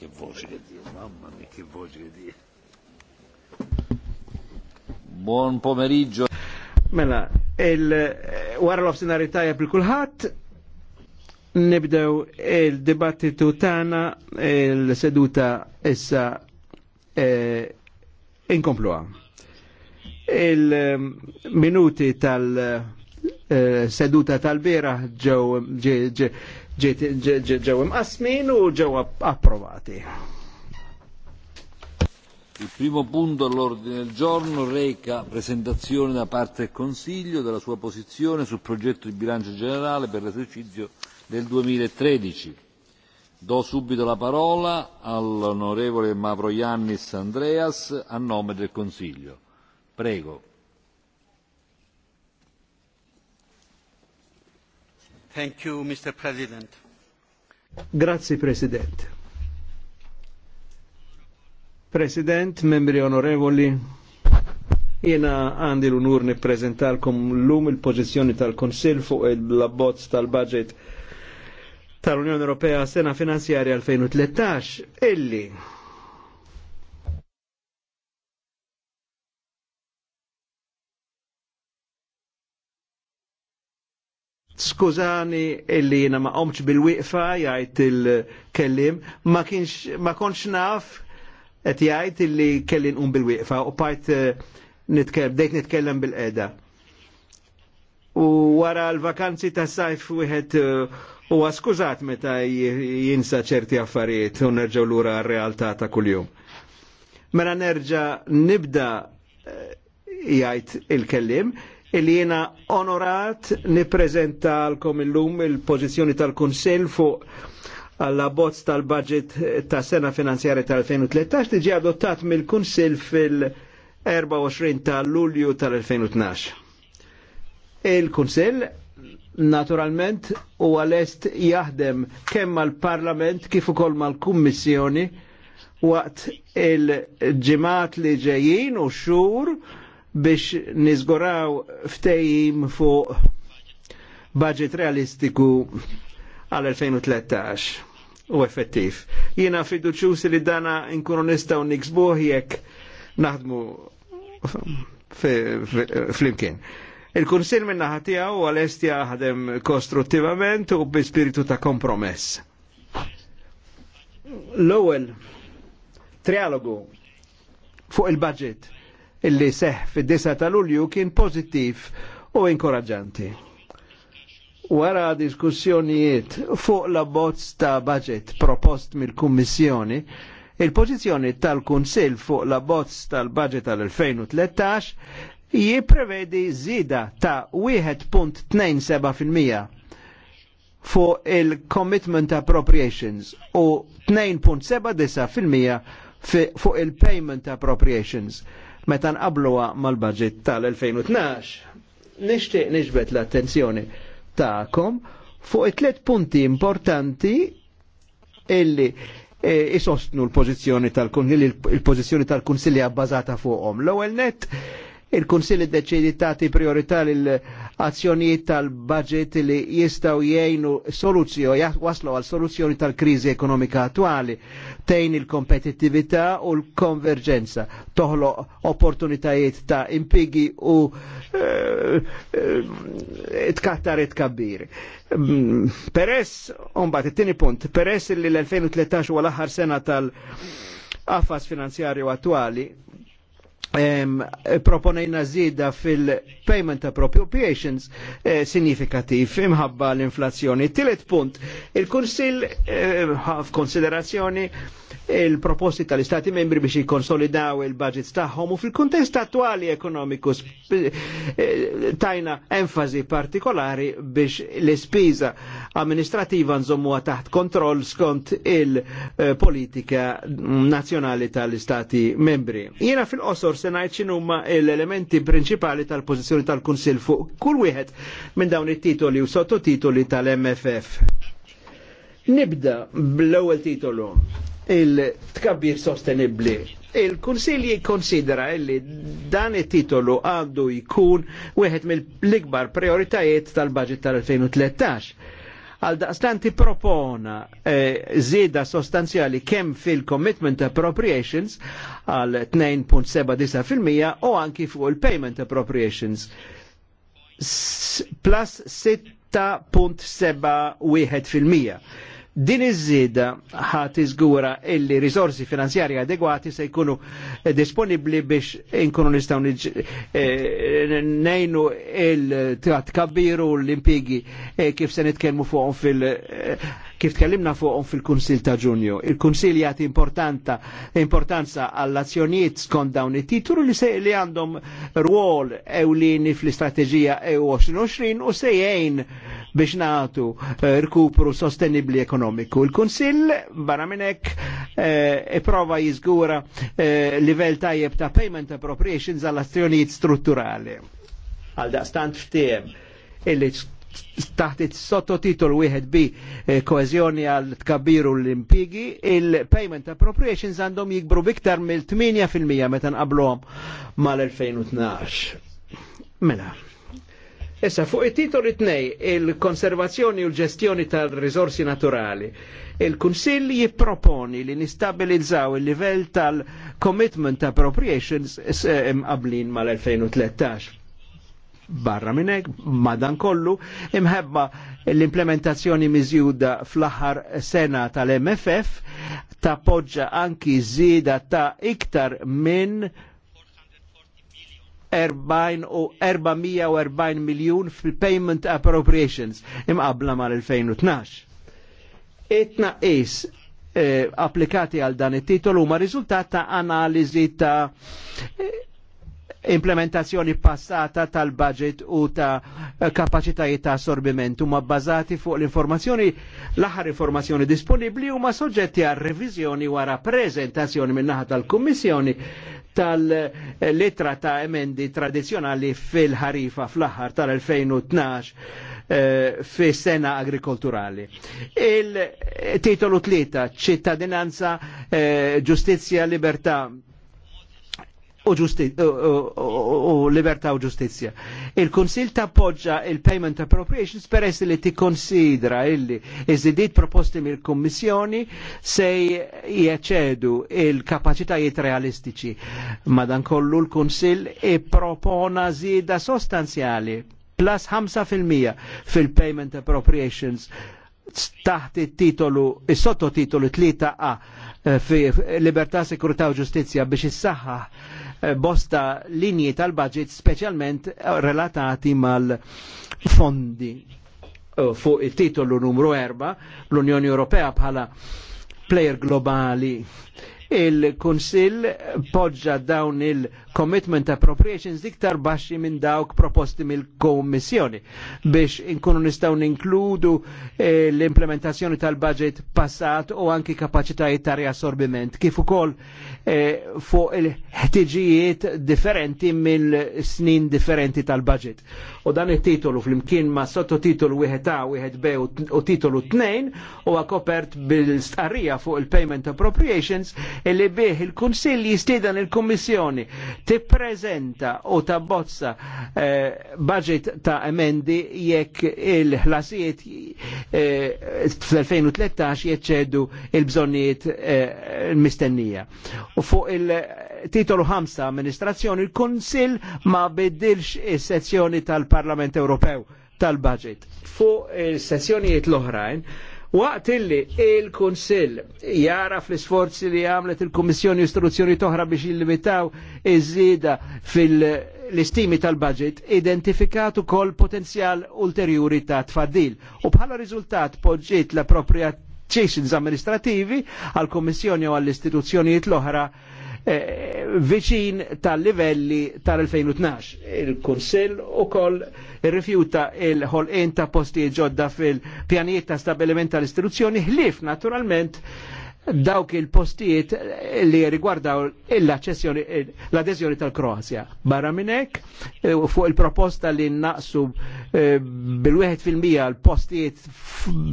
che voce mamma mia, che voce che Buon pomeriggio. Mela, il eh, wara l-ofsinari tajab il-kulħat, nibdew il-dibattitu tana, il-seduta issa eh, inkomplua. Il-minuti eh, tal- eh, seduta tal-bira ġew ġew imqasmin u ġew approvati. Il primo punto all'ordine del giorno reca presentazione da parte del Consiglio della sua posizione sul progetto di bilancio generale per l'esercizio del 2013. Do subito la parola all'onorevole Mavroiannis Andreas a nome del Consiglio. Prego. Thank you, Mr. President. President. President, membri onorevoli, jena għandi l-unur nipprezentalkom l-lum il-pozizjoni tal-Konsil fuq il-labbozz tal-budget tal-Unjoni Ewropea sena finanzjarja 2013, illi Skużani illi jina ma omċ bil-wiqfa jgħid il-kellim, ma kienx ma konx naf qed jgħid illi kellin un bil-wiqfa u bajt eh, nitkellem dejt nitkellem bil-qeda. U wara l-vakanzi ta' sajf wieħed eh, u skużat meta jinsa ċerti affarijiet u nerġgħu lura r-realtà ta' kuljum. Mela nerġa' nibda eh, jgħid il-kellim, li jena onorat għalkom illum il-pozizjoni tal-Kunsel fuq għalla bozz tal-budget ta' sena finanzjarja tal-2013 tiġi adottat mill kunsell fil-24 ta' Lulju tal-2012. il kunsell naturalment u għalest jaħdem kemm mal-Parlament kif ukoll mal-Kummissjoni waqt il-ġimat li ġejjin u xhur biex nizguraw ftejim fuq budget realistiku għal 2013 u effettiv. Jina fiduċus li dana nkunu nistaw niksbuħ jekk naħdmu flimkien. Il-Kunsil minna ħatijaw u għal-estja ħadem kostruttivament u bi spiritu ta' kompromess. L-ewel, trialogu fuq il-budget illi seħ fid disa ta' Lulju kien pozittiv u inkoraġanti. Wara diskussjonijiet fuq la bozz ta' budget propost mill-Kummissjoni, il-pożizzjoni tal-Kunsill fuq la bozz tal-budget tal-2013 jipprevedi zida ta' 1.27% fuq il-Commitment Appropriations u 2.79% fuq il-Payment Appropriations meta nqabluha mal-budget tal-2012. Nixtieq nixbet l-attenzjoni tagħkom fuq it-tliet punti importanti illi e, isostnu l-pożizzjoni tal kunsilja il-pożizzjoni tal-Kunsilli bbażata fuqhom. L-ewwel net il-Kunsill id-deċidi tagħti priorità lil azzjonijiet tal-budget li jistgħu jgħinu soluzzjoni waslu għal soluzzjoni tal-kriżi ekonomika attwali tejn il-kompetittività u l-konverġenza toħloq opportunitajiet ta' impigi u eh, eh, tkattar kabbiri. Mm, peress, umbat, it-tini punt, peress li l-2013 huwa l-aħħar sena tal- affas finanzjarju attuali, proponejna zida fil-payment appropriations eh, signifikativ imħabba l-inflazzjoni. Tillet punt, il-Kunsil eh, f'konsiderazzjoni konsiderazzjoni il-proposti tal-Istati membri biex jikonsolidaw il-budget tagħhom u fil-kontest attuali ekonomiku eh, tajna enfasi partikolari biex l-ispiża amministrativa nżommuha taħt kontroll skont il-politika eh, nazzjonali tal-Istati membri. Jiena fil-qosor dottor se ngħid x'inhuma l-elementi prinċipali tal-pożizzjoni tal-Kunsill fuq kull wieħed minn dawn it-titoli u sottotitoli tal-MFF. Nibda bl-ewwel titolu il-tkabbir sostenibbli. Il-Kunsill jikkonsidera li dan it-titolu għandu jkun wieħed mill-ikbar prioritajiet tal-budget tal-2013 Għal ti propona eh, zida sostanzjali kemm fil-commitment appropriations għal 2.79% u anki fuq il-payment appropriations plus 6.71% Din iż-żieda ħat iżgura illi risorsi finanzjarji adegwati se jkunu eh, disponibbli biex inkunu nistgħu eh, nejnu il u l-impigi eh, kif se nitkellmu fuqhom fil- kif tkellimna fuqhom fil-Kunsil ta' Ġunju. Il-Kunsil jagħti importanza għall-azzjonijiet skont dawn it-titulu li, li għandhom rwol ewlieni fl-istrateġija EU 2020 u se jgħin biex natu eh, rkupru sostenibli ekonomiku. Il-Kunsill barra minnek eh, iprova e jizgura eh, livell tajjeb ta' payment appropriations għal azzjonijiet strutturali. Għal da' daqstant ftiem illi taħt it sottotitol wieħed bi koezjoni għal tkabbiru l-impigi, il-payment appropriations għandhom jikbru biktar mill-8% meta nqablhom mal-2012. Mela, Issa, fuq it-titol it-nej, il-konservazzjoni u l-ġestjoni tal-rizorsi naturali, il-Kunsill jipproponi li nistabilizzaw il-livell tal-commitment appropriations eh, qablin mal-2013. Barra minnek, madan kollu, imħebba l-implementazzjoni miżjuda fl-aħħar sena tal-MFF ta' poġġa anki zida ta' iktar minn 440 miljun fil-payment appropriations imqabla mal-2012. it is eh, applikati għal dan it-titol huma riżultat ta' analiżi ta' implementazzjoni passata tal-budget u ta' kapacitajiet ta' assorbiment huma bbażati fuq l-informazzjoni l-aħħar informazzjoni disponibbli huma soġġetti għal reviżjoni wara preżentazzjoni min-naħa tal-Kummissjoni tal-litra ta' emendi tradizjonali fil-ħarifa fl-aħħar tal-2012 eh, fi sena agrikulturali. Il-titolu tlita, ċittadinanza, eh, ġustizja, libertà, u, u libertà u ġustizja. Il-Kunsil tappoġġa il-Payment Appropriations per essi li ti konsidra illi iż-żidiet proposti mill kommissjoni se jieċedu il-kapaċitajiet realistiċi. Madan kollu l-Kunsil i propona zida sostanzjali plus 5% fil-Payment Appropriations taħt il titolu is-sottotitolu 3A eh, fi Libertà, Sekurità u Ġustizzja biex is-saħħa. Eh, bosta linji tal-budget specialment eh, relatati mal-fondi eh, fuq il-titolu numru 4 l-Unjoni Ewropea bħala player globali il-Kunsill poġġa dawn il- commitment appropriations iktar baxxi minn dawk proposti mill-Kommissjoni biex inkunu nistgħu ninkludu eh, l-implementazzjoni tal-budget passat u anki kapaċitajiet ta' riassorbiment kif ukoll eh, fuq il-ħtiġijiet differenti mill-snin differenti tal-budget. U dan it-titolu flimkien ma' sottotitolu wieħed A, wieħed B u titolu 2 huwa kopert bil-starrija fuq il-payment appropriations illi bih il-Kunsill jistieden il-Kummissjoni tippreżenta u tabbozza eh, budget ta' emendi jekk il-ħlasijiet eh, fl-2013 jeċċedu il-bżonnijiet eh, mistennija. U fuq il-titolu 5 amministrazzjoni il-Konsil ma biddilx is-sezzjoni tal-Parlament Ewropew tal-budget. Fuq il-sezzjonijiet l-oħrajn, Waqt illi il-Kunsill jara fl-isforzi li għamlet il-Kommissjoni istruzzjoni toħra biex jillimitaw iż-żieda fil-istimi tal-budget, identifikat ukoll potenzjal ulterjuri ta' tfaddil. U bħala riżultat poġġiet l-appropriazzjoni amministrativi għal-Kommissjoni u għall-istituzzjonijiet l-oħra Eh, viċin tal-livelli tal-2012. Il-Kunsell u koll rifjuta il-ħolqin ta' posti ġodda fil-pjaniet ta' stabiliment tal-istituzzjoni ħlif naturalment dawk il-postijiet li rigwardaw l-adesjoni tal-Kroazja. Barra minnek, eh, fuq il-proposta li naqsu eh, bil-1% l-postijiet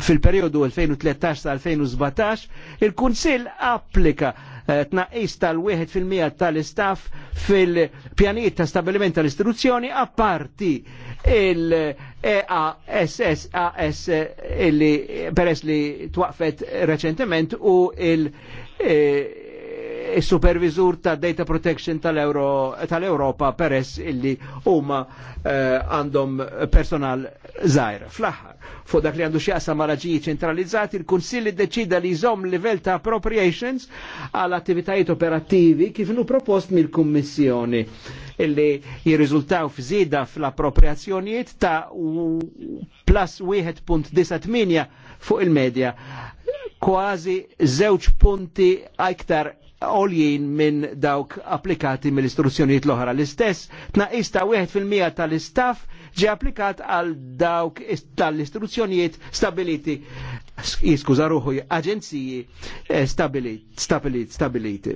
fil-periodu 2013 2017, il-Kunsil applika Eh, tnaqqis tal-1% tal-istaff fil-pjanijiet ta' stabiliment tal-istituzzjoni apparti il-EASSAS illi peress li twaqfet reċentement u il- eh, il-supervisur ta' data protection tal-Europa peress illi huma eh, għandhom personal zaħir. fl fuq dak li għandu xjaqsa maraġiji ċentralizzati, il-Kunsilli deċida li jżomm livell ta' appropriations għal attivitajiet operattivi kif nu propost mill-Kummissjoni illi jirriżultaw f'żida fl-appropriazzjonijiet ta' plus 1.98 fuq il-medja kważi żewġ punti aktar għoljien minn dawk applikati mill-istruzzjonijiet l-oħra. L-istess tnaqis 1% tal-istaff ġi applikat għal dawk tal-istruzzjonijiet stabiliti, jiskuza ruħu, aġenziji eh, stabiliti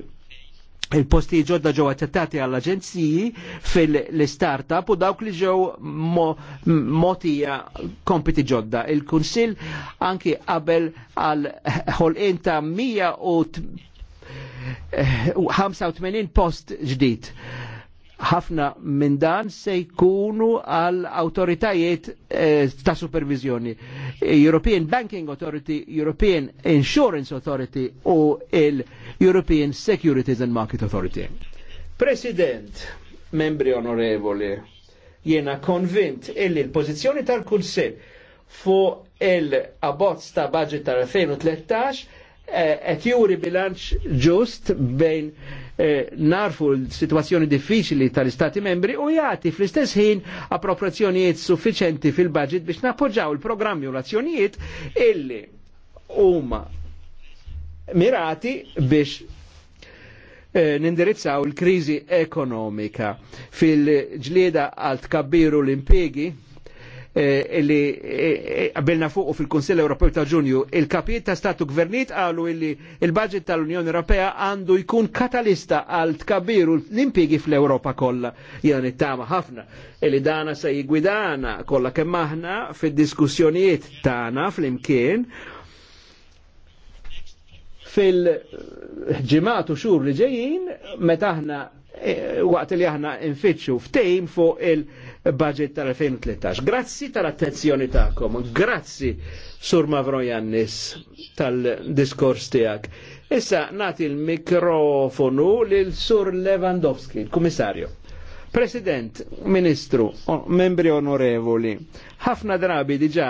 il-posti ġodda ġew għattati għall aġenziji fil-startup u dawk li ġew motija kompiti ġodda. Il-Kunsill anki qabel għal ħolqien ta' 185 eh, post ġdijt ħafna minn dan se jkunu għal autoritajiet eh, ta' supervizjoni. European Banking Authority, European Insurance Authority u il-European Securities and Market Authority. President, membri onorevoli, jena konvint illi l-pozizjoni tal-Kunsill fu il-abbozz ta' budget tal-2013 eh, qed juri bilanċ ġust bejn Eh, narfu l-situazzjoni diffiċli tal-Istati membri u jagħti fl-istess ħin appropriazzjonijiet suffiċenti fil-budget biex nappoġġaw il-programmi u l-azzjonijiet illi huma mirati biex eh, nindirizzaw il-krizi ekonomika fil-ġlieda għal tkabbiru l-impiegi Eh, li qabilna eh, eh, fuq fil-Kunsill Ewropew ta' Ġunju, il kapiet ta' Statu Gvernit qalu li il-budget tal-Unjoni Ewropea għandu jkun katalista għal tkabiru l-impjegi fl-Ewropa kollha. Jien nittama ħafna li dana se jigwidana kollha kemm aħna fid-diskussjonijiet tagħna fl-imkien fil-ġimgħat u xhur li ġejjin meta aħna Eh, waqt li aħna nfittxu ftejm fuq il-budget tal-2013. Grazzi tal-attenzjoni tagħkom, grazzi Sur Mavrojannis tal-diskors tiegħek. Issa nagħti l-mikrofonu lil Sur Lewandowski, il-Kummissarju. President, Ministru, membri onorevoli, ħafna drabi diġà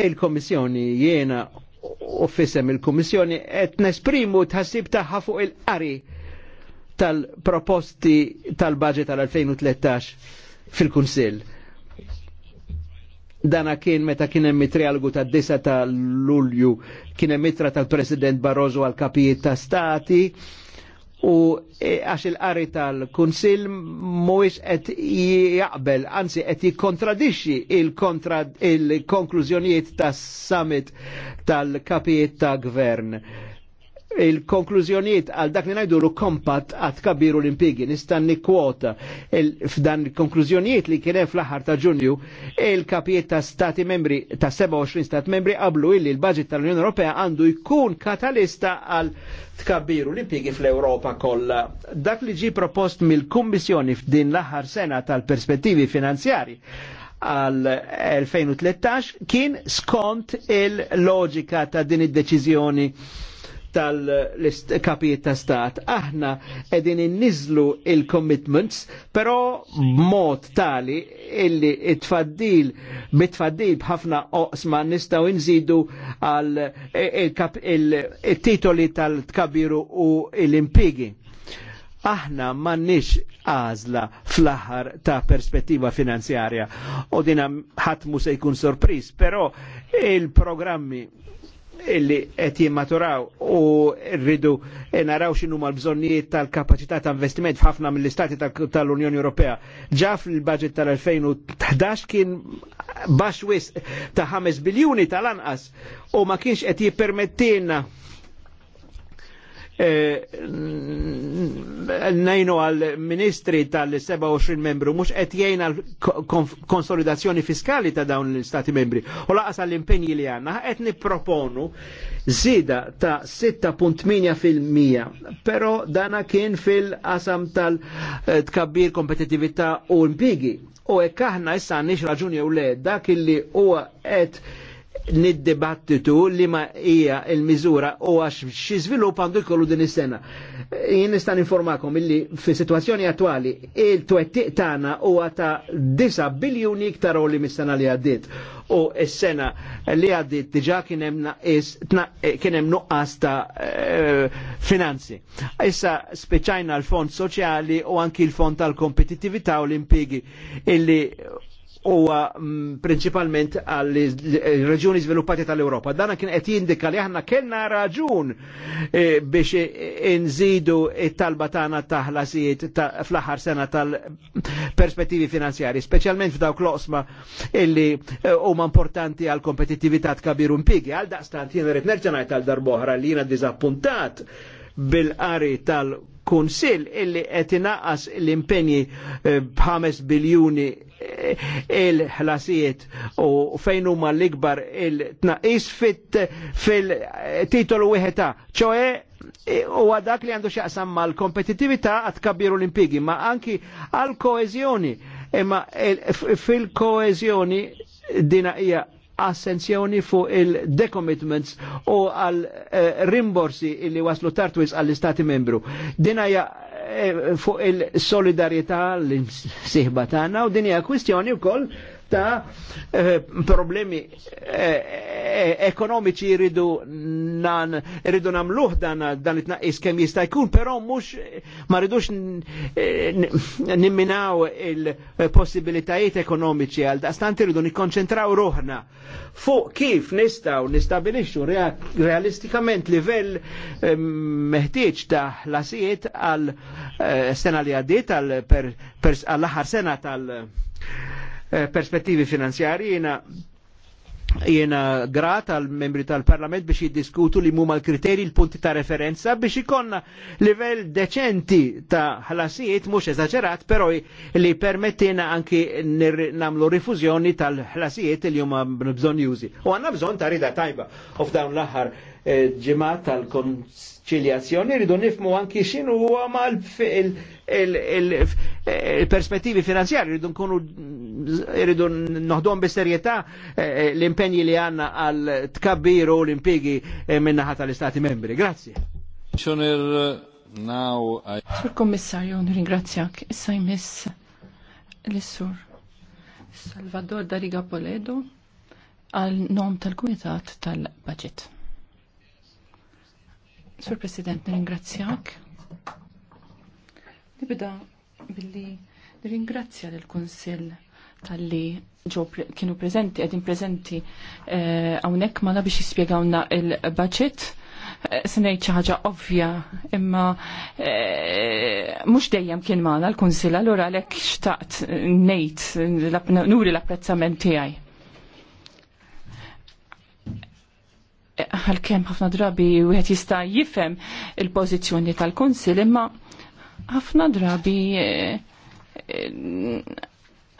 il kommissjoni jiena u fissem il kommissjoni qed nesprimu tħassib tagħha fuq il-qari tal-proposti tal-budget tal-2013 fil-Kunsill. Dana kien meta kien hemm trialgu tad disa ta' Lulju, kien hemm mitra tal-President Barroso għal kapijiet ta' stati u e, għax il-qari tal-Kunsill mhuwiex qed jaqbel, anzi qed jikkontradixxi il-konklużjonijiet il konklużjonijiet tas tal-kapijiet ta' gvern il-konklużjonijiet għal dak li ngħidulu kompat għad kabiru l-impigi nistanni kwota f'dan il-konklużjonijiet li kien hemm fl-aħħar ta' Ġunju il-kapijiet ta' stati membri ta' 27 stat membri qablu illi l-budget tal-Unjoni Ewropea għandu jkun katalista għal tkabbiru l-impigi fl europa kollha. Dak li ġi propost mill-Kummissjoni f'din l-aħħar sena tal-perspettivi finanzjari għal 2013 kien skont il-loġika ta' din id-deċiżjoni tal-kapijiet ta' stat. Aħna edin innizlu il-commitments, però mod tali illi it-tfaddil, bit-tfaddil bħafna oqsma nistaw inżidu għal il-titoli tal-tkabiru u l-impigi aħna mannix għazla fl-aħħar ta' perspettiva finanzjarja. U dinam ħatmu se jkun sorpris, però il-programmi illi qed jimmaturaw u rridu naraw x'inhu l-bżonnijiet tal-kapaċità ta' investiment f'ħafna mill-istati tal-Unjoni Ewropea. Ġa fil-budget tal-2011 kien baxx wisq ta' 5 biljuni tal-anqas u ma kienx qed jippermettilna Eh, nejnu għal ministri tal-27 membru mux qed jgħin għal konsolidazzjoni fiskali ta' dawn l istati membri. U laqas għal impegni li għanna, qed nipproponu zida ta' 6.8% pero dana kien fil-qasam tal-tkabbir kompetitività u impigi. U ekk aħna issa għandix raġuni u le dak illi huwa nid-debattitu li ma hija il-miżura u għax xi żvilupp għandu jkollu din is-sena. Jien nista' informakom illi fis-sitwazzjoni attwali il-twettiq tagħna huwa ta' 9 biljuni iktar li mis-sena li għaddiet u s-sena li għaddit diġa hemm nuqqas ta' eh, finanzi. Issa speċajna l-fond soċjali u anki l-fond tal-kompetitività u l-impigi illi huwa mm, prinċipalment għall reġuni sviluppati tal europa Dana kien qed jindika li aħna kellna raġun eh, biex inżidu it-talba tagħna ta' ħlasijiet fl-aħħar sena tal-perspettivi finanzjari, speċjalment f'dawk l osma illi eh, huma importanti għal kompetittività tkabiru impigi. Għal daqstant jien rrid nerġa' ngħid għal darboħra li jiena diżappuntat bil-qari tal-Kunsill illi qed inaqqas l-impenji eh, b'ħames biljuni il-ħlasijiet u fejn huma l-ikbar il-tnaqis fil-titolu wieħed ċoe u għadak li għandu xaqsam ma l għad kabbiru l-impigi, ma anki għal-koezjoni. Imma fil-koezjoni dina hija assenzjoni fuq il-decommitments u għal eh, rimborsi illi waslu tartwis għall-istati membru. Dina hija Eh, fuq il solidarieta l sihbatana u dinja kwistjoni u koll ta' eh, problemi eh, eh, ekonomiċi jridu nan jridu namluħ dan dan it-naqis kemm jista' jkun, però mhux ma rridux nimminaw il-possibilitajiet ekonomiċi għal stant irridu nikkonċentraw ruħna fuq kif nistgħu nistabilixxu realistikament livell meħtieġ ta' ħlasijiet għal sena li għaddiet għal aħħar sena tal- Eh, perspettivi finanzjari jena jena grat għal membri tal-parlament biex jiddiskutu li mumma l-kriteri l-punti ta' referenza biex ikonna livell deċenti ta' ħlasijiet mux eżagerat, pero li permettina anki namlu rifużjoni tal-ħlasijiet li huma bżon jużi. U għanna bżon ta' rida tajba u f'dawn l-aħħar ġimgħa tal-konċiljazzjoni rridu nifmu anki x'inhu huwa mal il-perspettivi finanzjari rridu nkunu rridu noħdom bis-serjetà eh, eh, l-impenji li għandna għal tkabbiru l-impigi eh, minnaħa tal-Istati membri. Grazzi. Sur Kommissarju, nirringrazzjak. Issa jmiss l-Sur Salvador Dariga Poledo għal nom tal-Kumitat tal-Budget. Sur President, ringrazzjak. Nibda billi ringrazzja l-Konsil tal-li ġo kienu prezenti, għedin prezenti għawnek eh, ma biex jispiegawna il-budget. Eh, Snejt ħaġa ovvja, imma eh, mux dejjem kien maħna l Kunsill, allora għalhekk ek xtaqt nejt, nuri l-apprezzament tijaj. għal-kem ħafna drabi wieħed jista' jifhem il-pożizzjoni tal konsil imma ħafna drabi eh,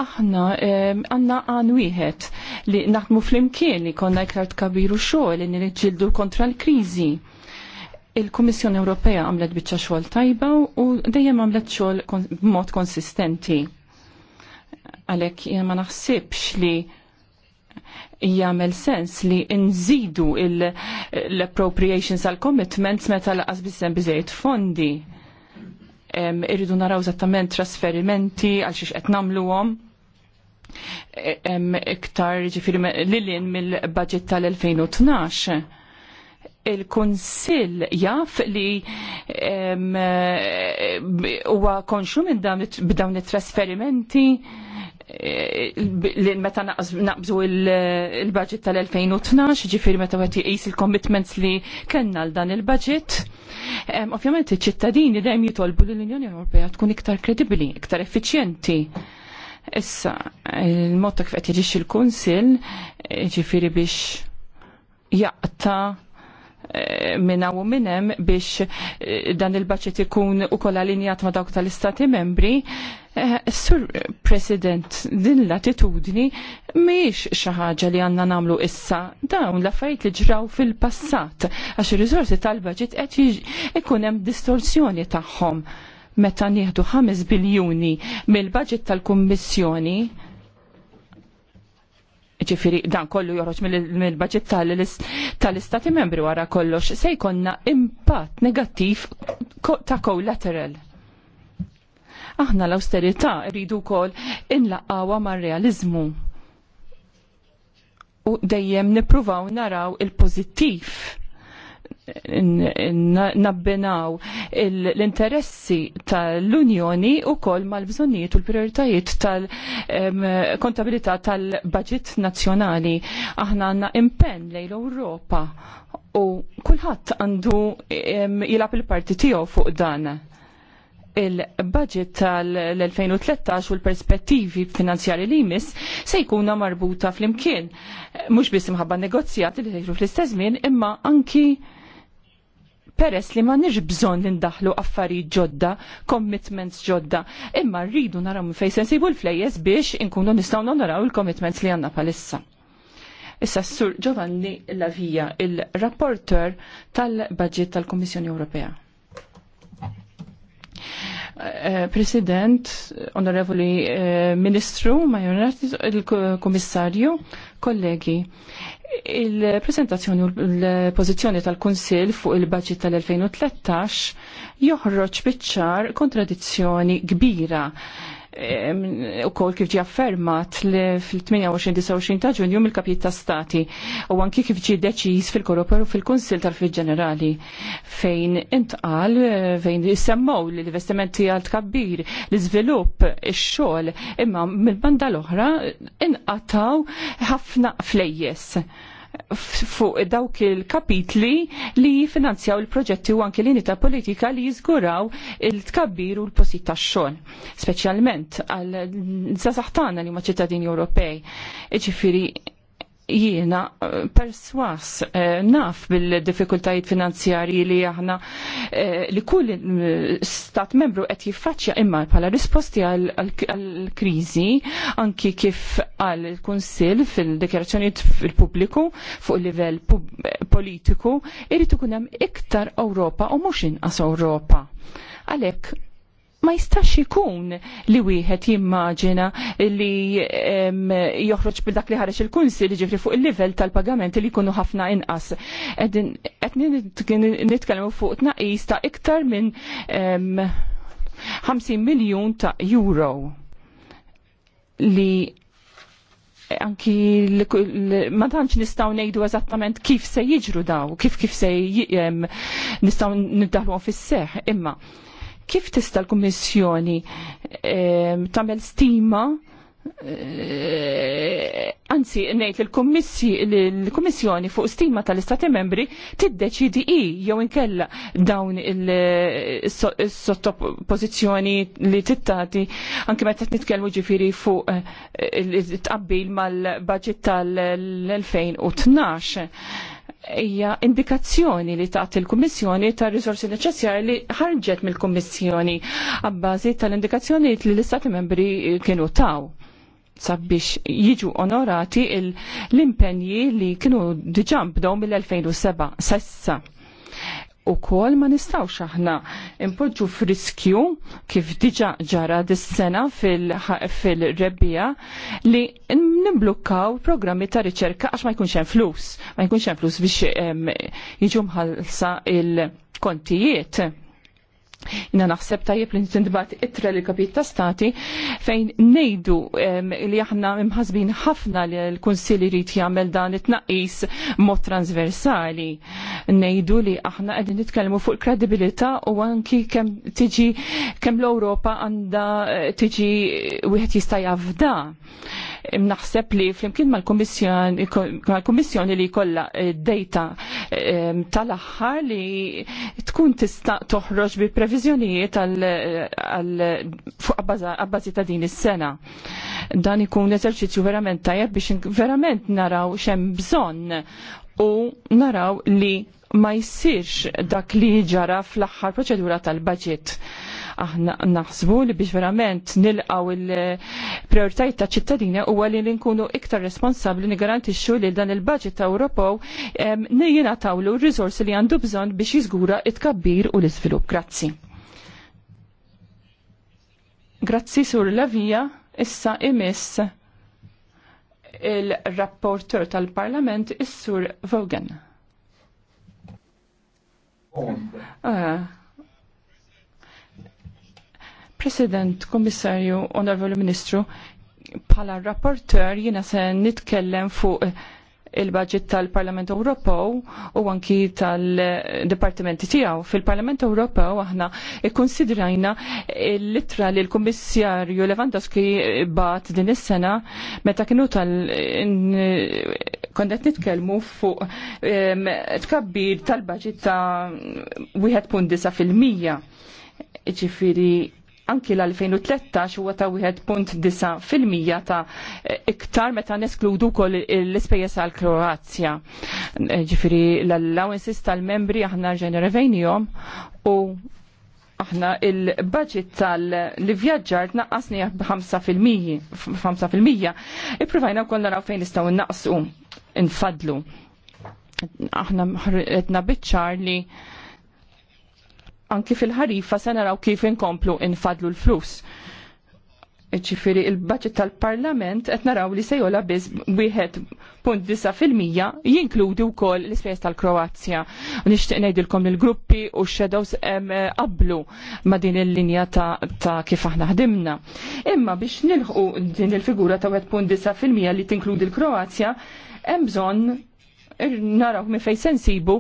aħna eh, għanna għan wieħed li naħdmu fl-imkien li konna iktar tkabiru xogħol li niġġieldu kontra l-kriżi. Il-Kummissjoni Ewropea għamlet biċċa xogħol tajba u dejjem għamlet xogħol b'mod konsistenti. Għalhekk jien ma naħsibx li jgħamil sens li nżidu l-appropriations għal commitments meta laqas biżem biżejt fondi. Irridu naraw zattament trasferimenti għal xiex qed nagħmluhom e, iktar ġifiri lilin mill-budget tal-2012 il-Konsil jaf li huwa konxu minn dawn it-trasferimenti Eh, li meta naqbżu il-budget tal-2012, ġifiri meta għet jgħis il-commitments li kellna l dan il-budget. Ovvjament iċ-ċittadini dejjem jitolbu li l-Unjoni Ewropea tkun iktar kredibbli, iktar effiċjenti. Issa, il-mod ta' kif qed jiġix il-Kunsill, ġifiri biex jaqta' eh, minna u minnem biex eh, dan il budget ikun u kolla linjat ma dawk tal-istati membri Eh, Sur President, din l-attitudni miex xaħġa li għanna namlu issa dawn l-affarijiet li ġraw fil-passat għax ir-riżorsi tal-budget qed ikun hemm distorsjoni tagħhom meta nieħdu 5 biljuni mill-budget tal-Kummissjoni ġifiri dan kollu joħroġ mill-budget tal-istati membri wara kollox se jkonna impatt negattiv ta' collateral. Aħna l-austerità rridu wkoll inlaqgħuha mar-realiżmu. U dejjem nippruvaw naraw il pozittif nabbenaw l-interessi tal-Unjoni u kol mal bżonijiet u l-prioritajiet tal-kontabilità tal-budget nazjonali. Aħna għanna impen lejl Europa u kullħat għandu jilab il-parti tiegħu fuq dan il-budget tal-2013 u l-perspettivi finanzjari li jmiss se jkuna marbuta fl-imkien. Mux biss imħabba negozjati li sejru fl-istess żmien, imma anki peress li ma nix bżon li ndaħlu affarijiet ġodda, commitments ġodda, imma rridu naraw minn fejn sensibu l-flejjes biex inkunu nistgħu naraw il-commitments li għandna palissa. Issa s-sur Giovanni Lavija, il-rapporter tal-budget tal-Kommissjoni Ewropea. Eh, President, Onorevoli eh, Ministru, Majorati, il-Komissarju, kollegi, il-prezentazzjoni u l-pozizjoni tal-Kunsil fuq il-budget tal-2013 joħroġ biċċar kontradizzjoni kbira u kol kif ġi affermat fil-28-29 ta' ġunju mill-kapijiet ta' stati u anki kif ġi deċiż fil koropero u fil konsil tal-Fil Ġenerali fejn intqal eh, fejn jissemmaw li l-investimenti għal tkabbir, l-iżvilupp, ix-xogħol imma mill-banda l-oħra inqataw ħafna flejjes fuq dawk il-kapitli li jifinanzjaw il-proġetti u anke l-inita politika li jizguraw il-tkabbir u l-posit ta' xol, specialment għal zazaħtana li ma' ċittadini Ewropej. Ġifiri, jiena eh, perswas eh, naf bil-diffikultajiet finanzjarji li aħna eh, li kull stat membru qed jiffaċċja imma bħala risposti għall-kriżi anki kif għal il-Kunsill fil-dikjarazzjonijiet fil-pubbliku fuq livell politiku irid ikun hemm iktar Ewropa u mhux inqas Ewropa. Għalhekk ma jistax ikun li wieħed jimmaġina li joħroġ bil dak li ħareġ il-kunsil ġifri fuq il-livell tal-pagamenti li jkunu ħafna inqas. Qed nitkellmu fuq tnaqis ta' iktar minn 50 miljun ta' euro li anki ma tantx nistgħu ngħidu eżattament kif se jiġru daw, kif kif se nistgħu niddaħluhom fis-seħ, imma Kif tista' l-Kummissjoni tagħmel stima anzi ngħid l-Kummissjoni fuq stima tal-Istati Membri tiddeċidi i jew inkella dawn il-sottopożizzjoni li tittati anke meta qed nitkellmu ġifieri fuq il-tqabbil mal-baġit tal-2012 hija indikazzjoni li taqt il kummissjoni tar risorsi neċessarji li ħarġet mill-Kummissjoni għabbażi tal-indikazzjoni li l-Istati membri kienu taw sabiex jiġu onorati l-impenji li kienu diġà bdew mill-2007 sessa u kol ma nistawx aħna impoġġu friskju kif diġa ġara dis-sena fil-rebbija fil li nimblukkaw programmi ta' riċerka għax ma jkunx hemm flus, ma jkunx hemm flus biex jiġu mħallsa il-kontijiet Jina naħseb tajjeb li ntindibat ittra li kapit ta' stati fejn nejdu li aħna imħazbin ħafna li l-Konsili rrit jagħmel dan it-naqis mod transversali. Nejdu li aħna qegħdin nitkellmu fuq kredibilità u anki kem tiġi kemm l-Ewropa għandha eh, tiġi wieħed jista' jafda naħseb li flimkien mal-Kummissjoni li kolla eh, data eh, tal-aħħar li tkun tista' toħroġ bi previżjonijiet abbażi ta' din is-sena. Dan ikun eżerċizzju verament tajjeb biex verament naraw xem bżonn u naraw li ma jsirx dak li ġara fl-aħħar proċedura tal-budget Aħna naħsbu li biex verament nilqaw il-prioritajiet ta' ċittadina huwa li nkunu iktar responsabbli nigarantixxu li dan il-budget ta' Ewropew nejjina tawlu r risorsi li għandu bżonn biex jiżgura it-kabbir u l-iżvilupp. Grazzi. Grazzi sur Lavija, issa imiss il rapporteur tal-Parlament is-Sur Vogan. Uh, President, Komissarju, Onorevoli Ministru, pala rapporter jina se nitkellem fuq il-budget tal-Parlament Ewropew u anki tal-Dipartimenti tiegħu. Fil-Parlament Ewropew aħna ikkonsidrajna l-ittra li l-Kummissarju Lewandowski bat din is-sena meta kienu tal kondet nitkellmu fuq tkabbir tal-budget ta' 1.9 fil-mija ġifiri anki l-2013 huwa ta' 1.9 fil-mija ta' iktar meta neskludu kol l-ispejjeż għal Kroazja. Ġifiri l-allowances tal-membri aħna ġenerevejnijom u aħna il-budget tal-vjaġġar naqqasni b-5%. Ippruvajna kol naraw fejn nistgħu naqsu infadlu. Aħna ħredna biċċar li anki fil-ħarifa se naraw kif inkomplu infadlu l-flus. Ċifiri il-budget tal-parlament qed naraw li sejola biss wieħed punt disa fil-mija jinkludi wkoll l-ispejjeż tal-Kroazja. Nixtieq ngħidilkom il l-gruppi u x-shadows eh, qablu ma' din il-linja ta', kif aħna ħdimna. Imma biex nilħu din il-figura ta' wieħed punt disa fil-mija li tinkludi l-Kroazja, hemm bżonn naraw minn fejn se nsibu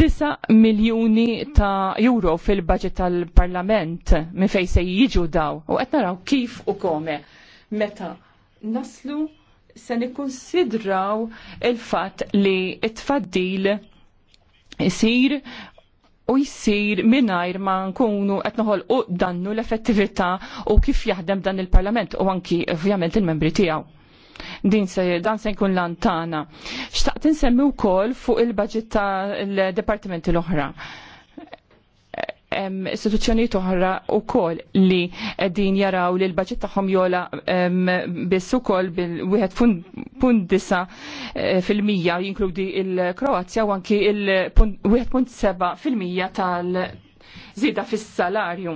9 miljuni ta' euro fil-budget tal-Parlament minn fejn se jiġu daw u qed naraw kif u kome meta naslu se nikkonsidraw il-fatt li t tfaddil isir u jisir minnajr ma nkunu qed u dannu l-effettività u kif jaħdem dan il-Parlament u anki ovvjament il-membri tiegħu. Din se, dan se jkun lantana. Xtaqt insemmi wkoll fuq il-budget l departimenti l-oħra istituzzjonijiet oħra wkoll li qegħdin jaraw li l-baġit tagħhom jola biss ukoll bil-1 punt disa eh, fil-mija jinkludi il-Kroazja u anki il wieħed punt seba fil-mija tal żieda fis-salarju.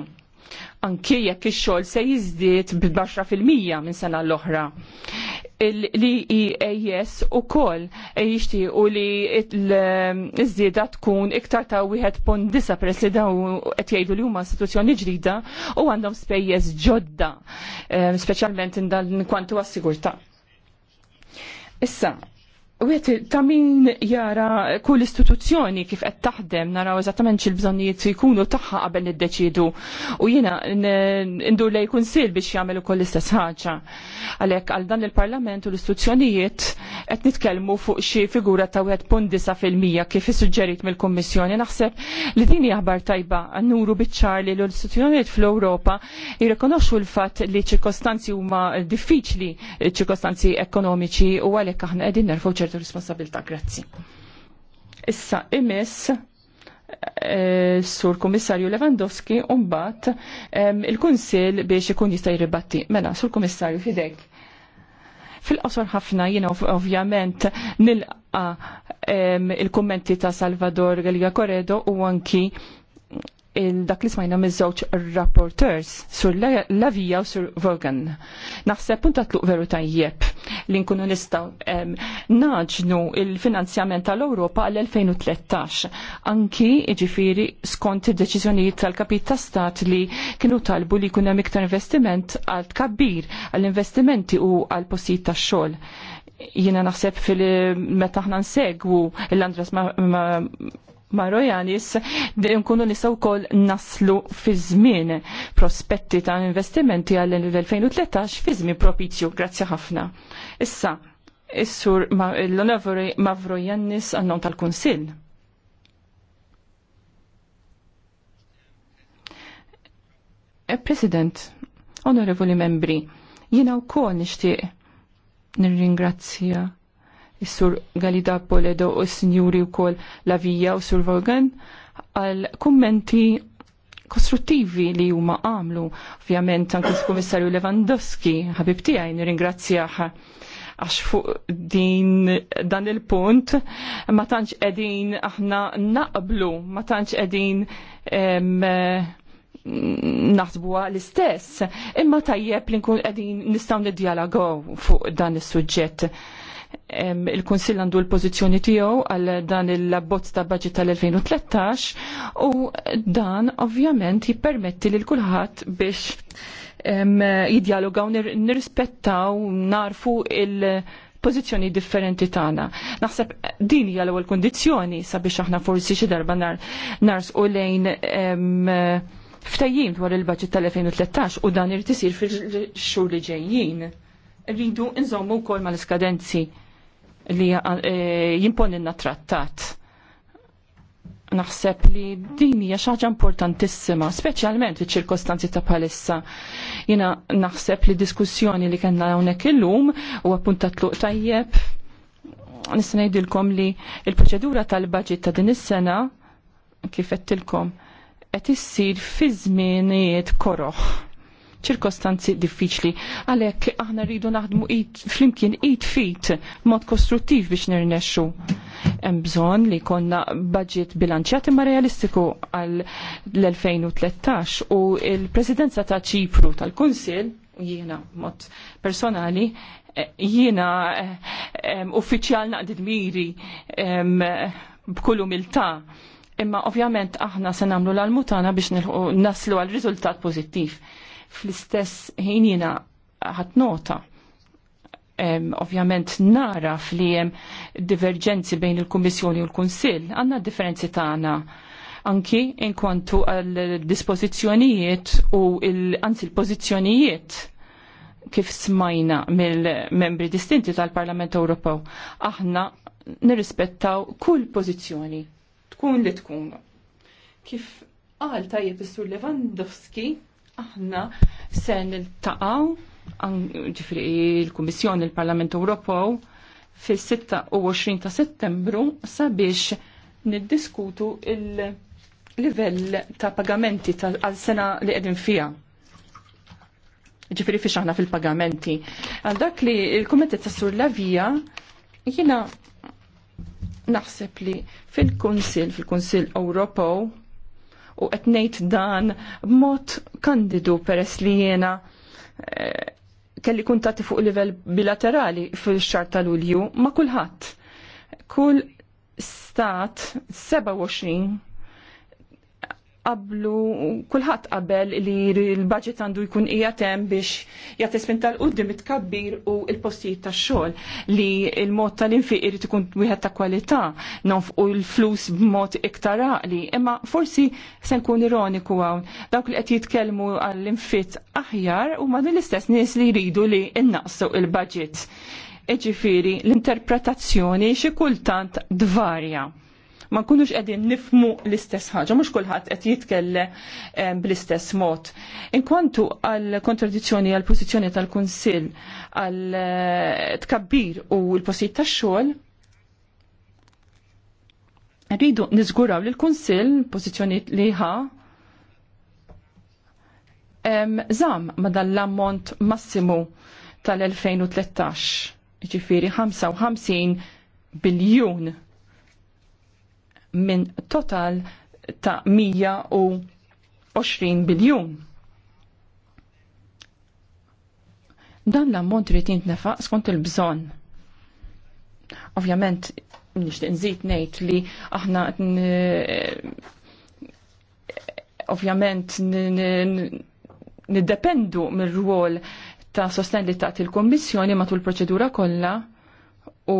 Anki jekk ix-xogħol se jiżdied b'10 fil-mija minn sena l-oħra l-EAS e u koll e u li l-iżjeda tkun iktar ta' wieħed pon disa press li qed jgħidu li huma situazzjoni ġdida u għandhom spejjeż ġodda, eh, speċjalment indan kwantu għas-sigurtà. Issa, U għet, ta' min jara kull istituzzjoni kif qed taħdem naraw eżattament xil-bżonnijiet jkunu tagħha qabel niddeċidu. U jiena ndur lej kunsil biex jagħmel ukoll l istess ħaġa. Għalhekk għal dan il-Parlament u l-istituzzjonijiet qed nitkellmu fuq xi figura ta' wieħed punt disa' fil-mija kif issuġġerit mill-Kummissjoni. Naħseb li din hija ħbar tajba nuru biċ li l-istituzzjonijiet fl-Ewropa jirrikonoxxu l-fatt li ċirkostanzi huma diffiċli, ċirkostanzi ekonomiċi u għalhekk aħna qegħdin nerfgħu ċertu ċertu responsabilta. Grazzi. Issa imess, eh, sur komissarju Lewandowski umbat il-kunsil biex ikun jista' jirribatti. Mela, sur komissarju f'idek. Fil-qosor ħafna jiena ovvjament nilqa il-kummenti ta' Salvador Galia Corredo u anki dak li smajna miż-żewġ rapporteurs sur Lavija u sur Vogan. Naħseb punta tluq veru tajjeb li nkunu nistaw naġnu il-finanzjament tal-Ewropa għal-2013. Anki iġifiri skont id-deċiżjonijiet tal-kapit ta' stat li kienu talbu li jkun hemm iktar investiment għal tkabbir għall-investimenti u għall-postijiet tax-xogħol jina naħseb fil-meta ħna nsegwu l-Andras ma' Royalis nkunu nisaw kol naslu fi żmien prospetti ta' investimenti għal 2013 fi żmien propizju. Grazzi ħafna. Issa, is-sur l onavori Mavro Jannis għannon tal-Kunsill. Eh, President, onorevoli membri, jina u kol nishtiq nirringrazzja is-sur Galida Poledo u s-sinjuri u kol Lavija u sur Vogan għal kummenti kostruttivi li huma għamlu. Ovvjament anke s-Kummissarju Lewandowski, ħabib tiegħi nirringrazzjah għax fuq din dan il-punt ma tantx qegħdin aħna naqblu, ma tantx qegħdin naħsbu l-istess, imma tajjeb li nkun qegħdin nistgħu niddialagaw fuq dan is-suġġett il konsill għandu l-pożizzjoni tiegħu għal dan il-abbozz ta' budget tal-2013 u dan ovvjament jippermetti lil kulħadd biex jidjalogaw nirrispettaw narfu il- pożizzjoni differenti tagħna. Naħseb din hija l-ewwel kundizzjoni sabiex aħna forsi xi darba nar nars u lejn ftajjim dwar il-budget tal-2013 u dan irid isir fil-xhur li ġejjin rridu nżommu wkoll mal-iskadenzi li eh, jimponinna trattat. Naħseb li din hija xi ħaġa importantissima, speċjalment fiċ-ċirkostanzi ta' palissa. Jiena naħseb li diskussjoni li kellna hawnhekk illum u puntat tluq tajjeb. Nista' ngħidilkom li l-proċedura tal-baġit ta' din is-sena kif qedtilkom qed issir fi żmienijiet koroħ ċirkostanzi diffiċli. Għalhekk aħna rridu naħdmu flimkien id fit mod kostruttiv biex nirnexxu. Hemm bżonn li konna budget bilanċjat imma realistiku għal l-2013 u il-Presidenza ta' Ċipru tal-Kunsill jiena mod personali eh, jiena eh, uffiċjal naqdi miri b'kull umiltà imma ovvjament aħna se nagħmlu l-almutana biex naslu għal riżultat pożittiv fl-istess ħin jiena ħatnota. Um, ovvjament nara li hemm diverġenzi bejn il-Kummissjoni u l-Kunsill, għandna differenzi tagħna anki inkwantu għal dispożizzjonijiet u il anzi l-pożizzjonijiet kif smajna mill-membri distinti tal-Parlament Ewropew. Aħna nirrispettaw kull pożizzjoni tkun li tkun. Kif qal tajjeb is-Sur Lewandowski Aħna se niltaqgħu ġifri l-Kummissjoni l-Parlament Ewropew fil-26 ta' settembru sabiex niddiskutu il-livell ta' pagamenti għal-sena li qegħdin fiha Ġifri fiex aħna fil-pagamenti. Għal dak li il-komitet ta' sur lavija jiena naħseb li fil-Kunsil, fil-Kunsil Ewropew, u qed ngħid dan b'mod kandidu peress li jiena eh, kelli kuntati fuq livell bilaterali fil-xar tal-Ulju ma' kulħadd. Kull stat 27 qablu, kulħadd qabel li l-budget għandu jkun hija temm biex jagħti spinta l-qudiem itkabbir u l-postijiet tax-xogħol li l-mod tal-infiq irid ikun wieħed ta' kwalità u l-flus b'mod iktar għaqli. Imma forsi se nkun ironiku hawn dawk li qed jitkellmu għall-infitt aħjar huma din l-istess nies li jridu li innaqsu il-budget. Eġifiri, l-interpretazzjoni xi kultant dvarja ma nkunux qegħdin nifmu l-istess ħaġa, mhux kulħadd qed jitkellem eh, bl-istess mod. Inkwantu għal kontradizzjoni għal pożizzjoni tal-Kunsill għal eh, tkabbir u l-postijiet tax-xogħol, rridu niżguraw li l-Kunsill pożizzjoni li ħa zam ma dan l-ammont massimu tal-2013, ġifiri 55 biljun minn total ta' 120 biljun. Dan l-ammont li jintnefaq skont il-bżonn. Ovvjament, nixtieq nżid ngħid li aħna ovvjament niddependu mir-rwol ta' sostenli ta' il-Kommissjoni matul proċedura kollha u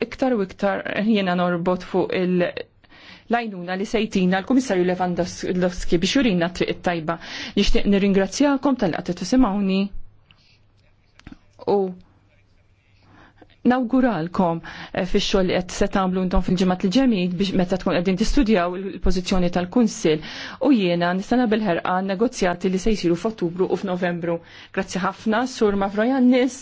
iktar u iktar jiena norbot fuq il- lajnuna li sejtina l-Komissarju Lewandowski biex jurina triq it-tajba. Nixtieq nirringrazzjakom tal-qed tisimgħuni u nawguralkom eh, fix-xogħol li qed se tagħmlu intom fil-ġimgħat li ġemid biex meta tkun qegħdin tistudjaw il-pożizzjoni tal-Kunsill u jiena nistana bil-ħerqa negozjati li se jsiru f'Ottubru u f'Novembru. Grazzi ħafna, Sur Mavrojannis.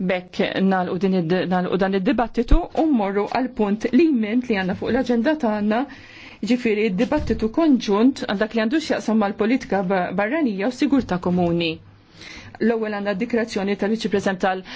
Bekk nal-u dan id-dibattitu u mmorru għal punt li jment li għanna fuq l-agenda tagħna ġifiri d dibattitu konġunt għal dak li għandu x'jaqsam mal-politika barranija u sigurta komuni. L-ewwel għandna dikrazzjoni tal-Viċi tal